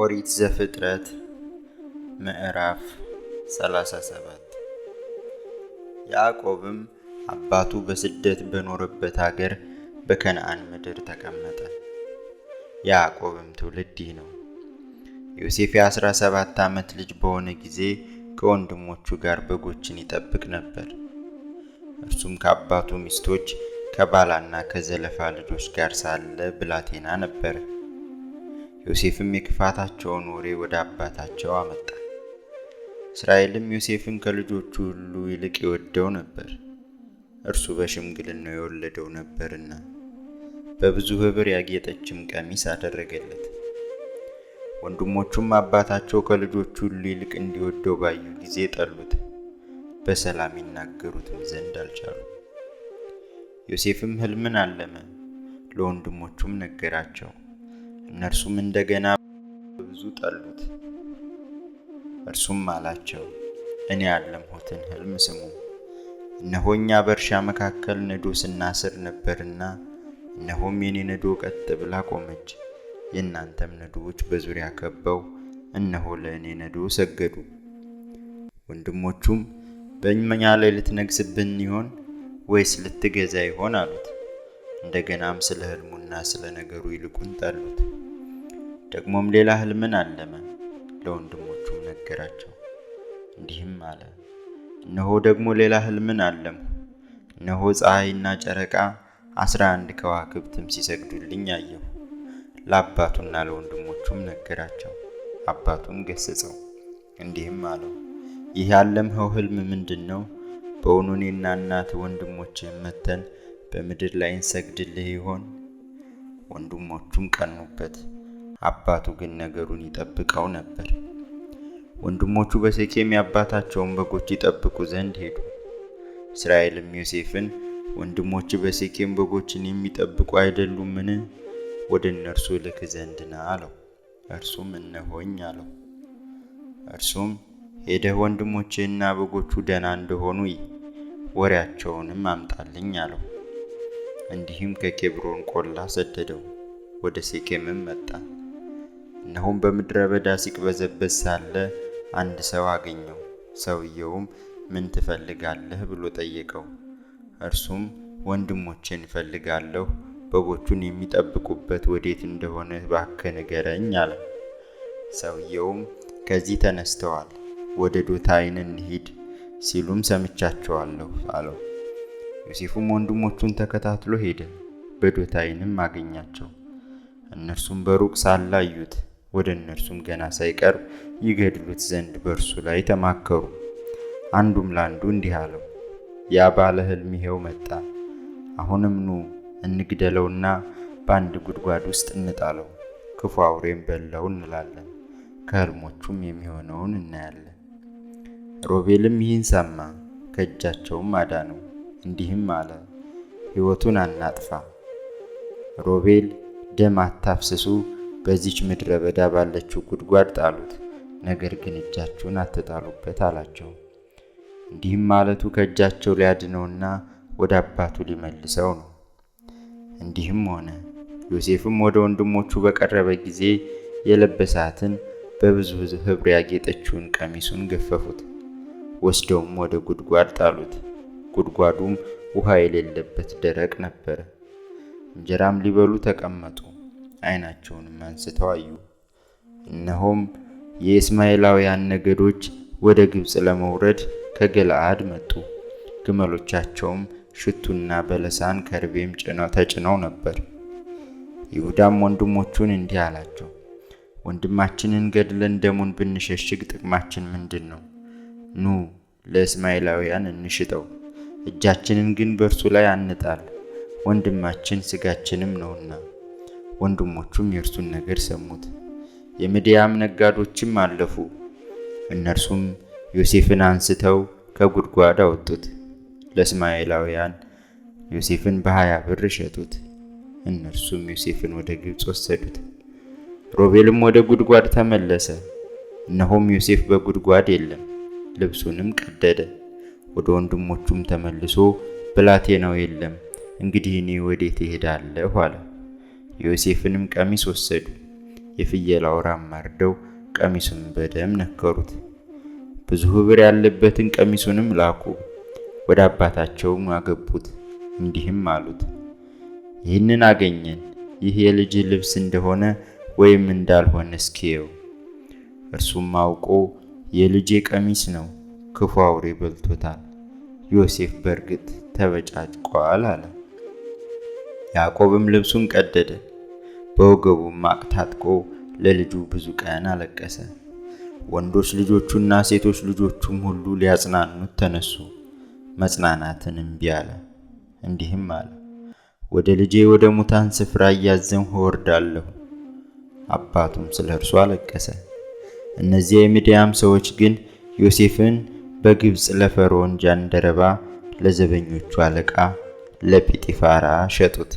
ኦሪት ዘፍጥረት ምዕራፍ 37 ያዕቆብም አባቱ በስደት በኖረበት አገር በከነአን ምድር ተቀመጠ። ያዕቆብም ትውልድ ይህ ነው። ዮሴፍ የ17 ዓመት ልጅ በሆነ ጊዜ ከወንድሞቹ ጋር በጎችን ይጠብቅ ነበር። እርሱም ከአባቱ ሚስቶች ከባላና ከዘለፋ ልጆች ጋር ሳለ ብላቴና ነበር። ዮሴፍም የክፋታቸውን ወሬ ወደ አባታቸው አመጣ። እስራኤልም ዮሴፍን ከልጆቹ ሁሉ ይልቅ ይወደው ነበር፣ እርሱ በሽምግልና የወለደው ነበርና። በብዙ ኅብር ያጌጠችም ቀሚስ አደረገለት። ወንድሞቹም አባታቸው ከልጆቹ ሁሉ ይልቅ እንዲወደው ባዩ ጊዜ ጠሉት፣ በሰላም ይናገሩትም ዘንድ አልቻሉ። ዮሴፍም ሕልምን አለመ፣ ለወንድሞቹም ነገራቸው። እነርሱም እንደገና በብዙ ጠሉት። እርሱም አላቸው፣ እኔ ያለምሁትን ሕልም ስሙ። እነሆኛ በእርሻ መካከል ነዶ ስናስር ነበርና እነሆም የኔ ነዶ ቀጥ ብላ ቆመች። የእናንተም ነዶዎች በዙሪያ ከበው እነሆ ለእኔ ነዶ ሰገዱ። ወንድሞቹም በእኛ ላይ ልትነግስብን ይሆን ወይስ ልትገዛ ይሆን አሉት። እንደገናም ስለ ሕልሙና ስለ ነገሩ ይልቁን ጠሉት። ደግሞም ሌላ ህልምን አለመ፣ ለወንድሞቹም ነገራቸው። እንዲህም አለ፣ እነሆ ደግሞ ሌላ ህልምን አለምሁ። እነሆ ፀሐይና ጨረቃ አስራ አንድ ከዋክብትም ሲሰግዱልኝ አየሁ። ለአባቱና ለወንድሞቹም ነገራቸው። አባቱም ገሰጸው፣ እንዲህም አለው፣ ይህ ያለምኸው ህልም ምንድን ነው? በውኑ እኔና እናትህ ወንድሞችህም በምድር ላይ እንሰግድልህ ይሆን? ወንድሞቹም ቀኑበት። አባቱ ግን ነገሩን ይጠብቀው ነበር። ወንድሞቹ በሴኬም የአባታቸውን በጎች ይጠብቁ ዘንድ ሄዱ። እስራኤልም ዮሴፍን ወንድሞች በሴኬም በጎችን የሚጠብቁ አይደሉምን? ወደ እነርሱ ልክ ዘንድ ና አለው። እርሱም እነሆኝ አለው። እርሱም ሄደህ ወንድሞችህና በጎቹ ደህና እንደሆኑ ይ ወሬያቸውንም አምጣልኝ አለው። እንዲህም ከኬብሮን ቆላ ሰደደው። ወደ ሴኬምም መጣ። እነሆም በምድረ በዳ ሲቅበዘበዝ ሳለ አንድ ሰው አገኘው። ሰውየውም ምን ትፈልጋለህ ብሎ ጠየቀው። እርሱም ወንድሞቼን እፈልጋለሁ፣ በጎቹን የሚጠብቁበት ወዴት እንደሆነ እባክህ ንገረኝ አለ። ሰውየውም ከዚህ ተነስተዋል፣ ወደ ዶታይን እንሂድ ሲሉም ሰምቻቸዋለሁ አለው። ዮሴፉም ወንድሞቹን ተከታትሎ ሄደ፣ በዶታይንም አገኛቸው። እነርሱም በሩቅ ሳላዩት። ወደ እነርሱም ገና ሳይቀርብ ይገድሉት ዘንድ በእርሱ ላይ ተማከሩ። አንዱም ለአንዱ እንዲህ አለው፣ ያ ባለ ሕልም ይሄው መጣ። አሁንም ኑ እንግደለውና በአንድ ጉድጓድ ውስጥ እንጣለው፣ ክፉ አውሬም በላው እንላለን፣ ከሕልሞቹም የሚሆነውን እናያለን። ሮቤልም ይህን ሰማ፣ ከእጃቸውም አዳነው፣ እንዲህም አለ፣ ሕይወቱን አናጥፋ። ሮቤል ደም አታፍስሱ በዚች ምድረ በዳ ባለችው ጉድጓድ ጣሉት፣ ነገር ግን እጃችሁን አትጣሉበት አላቸው። እንዲህም ማለቱ ከእጃቸው ሊያድነውና ወደ አባቱ ሊመልሰው ነው። እንዲህም ሆነ። ዮሴፍም ወደ ወንድሞቹ በቀረበ ጊዜ የለበሳትን በብዙ ኅብር ያጌጠችውን ቀሚሱን ገፈፉት፣ ወስደውም ወደ ጉድጓድ ጣሉት። ጉድጓዱም ውሃ የሌለበት ደረቅ ነበረ። እንጀራም ሊበሉ ተቀመጡ። ዓይናቸውንም አንስተው አዩ። እነሆም የእስማኤላውያን ነገዶች ወደ ግብፅ ለመውረድ ከገለአድ መጡ። ግመሎቻቸውም ሽቱና በለሳን ከርቤም ጭነው ተጭነው ነበር። ይሁዳም ወንድሞቹን እንዲህ አላቸው፣ ወንድማችንን ገድለን ደሙን ብንሸሽግ ጥቅማችን ምንድን ነው? ኑ ለእስማኤላውያን እንሽጠው፣ እጃችንን ግን በእርሱ ላይ አንጣል፣ ወንድማችን ስጋችንም ነውና። ወንድሞቹም የእርሱን ነገር ሰሙት። የምድያም ነጋዶችም አለፉ። እነርሱም ዮሴፍን አንስተው ከጉድጓድ አወጡት። ለእስማኤላውያን ዮሴፍን በሀያ ብር ሸጡት። እነርሱም ዮሴፍን ወደ ግብፅ ወሰዱት። ሮቤልም ወደ ጉድጓድ ተመለሰ። እነሆም ዮሴፍ በጉድጓድ የለም። ልብሱንም ቀደደ። ወደ ወንድሞቹም ተመልሶ ብላቴናው የለም፣ እንግዲህ እኔ ወዴት እሄዳለሁ አለ። የዮሴፍንም ቀሚስ ወሰዱ። የፍየል አውራም ማርደው ቀሚሱን በደም ነከሩት። ብዙ ኅብር ያለበትን ቀሚሱንም ላኩ። ወደ አባታቸውም አገቡት። እንዲህም አሉት፣ ይህንን አገኘን። ይህ የልጅ ልብስ እንደሆነ ወይም እንዳልሆነ እስኪየው። እርሱም አውቆ የልጄ ቀሚስ ነው፣ ክፉ አውሬ በልቶታል፣ ዮሴፍ በእርግጥ ተበጫጭቋል አለ። ያዕቆብም ልብሱን ቀደደ። በወገቡ ማቅ ታጥቆ ለልጁ ብዙ ቀን አለቀሰ። ወንዶች ልጆቹና ሴቶች ልጆቹም ሁሉ ሊያጽናኑት ተነሱ። መጽናናትን እምቢ አለ። እንዲህም አለ፣ ወደ ልጄ ወደ ሙታን ስፍራ እያዘንሁ እወርዳለሁ። አባቱም ስለ እርሱ አለቀሰ። እነዚያ የሚዲያም ሰዎች ግን ዮሴፍን በግብፅ ለፈርዖን ጃንደረባ ለዘበኞቹ አለቃ ለጲጢፋራ ሸጡት።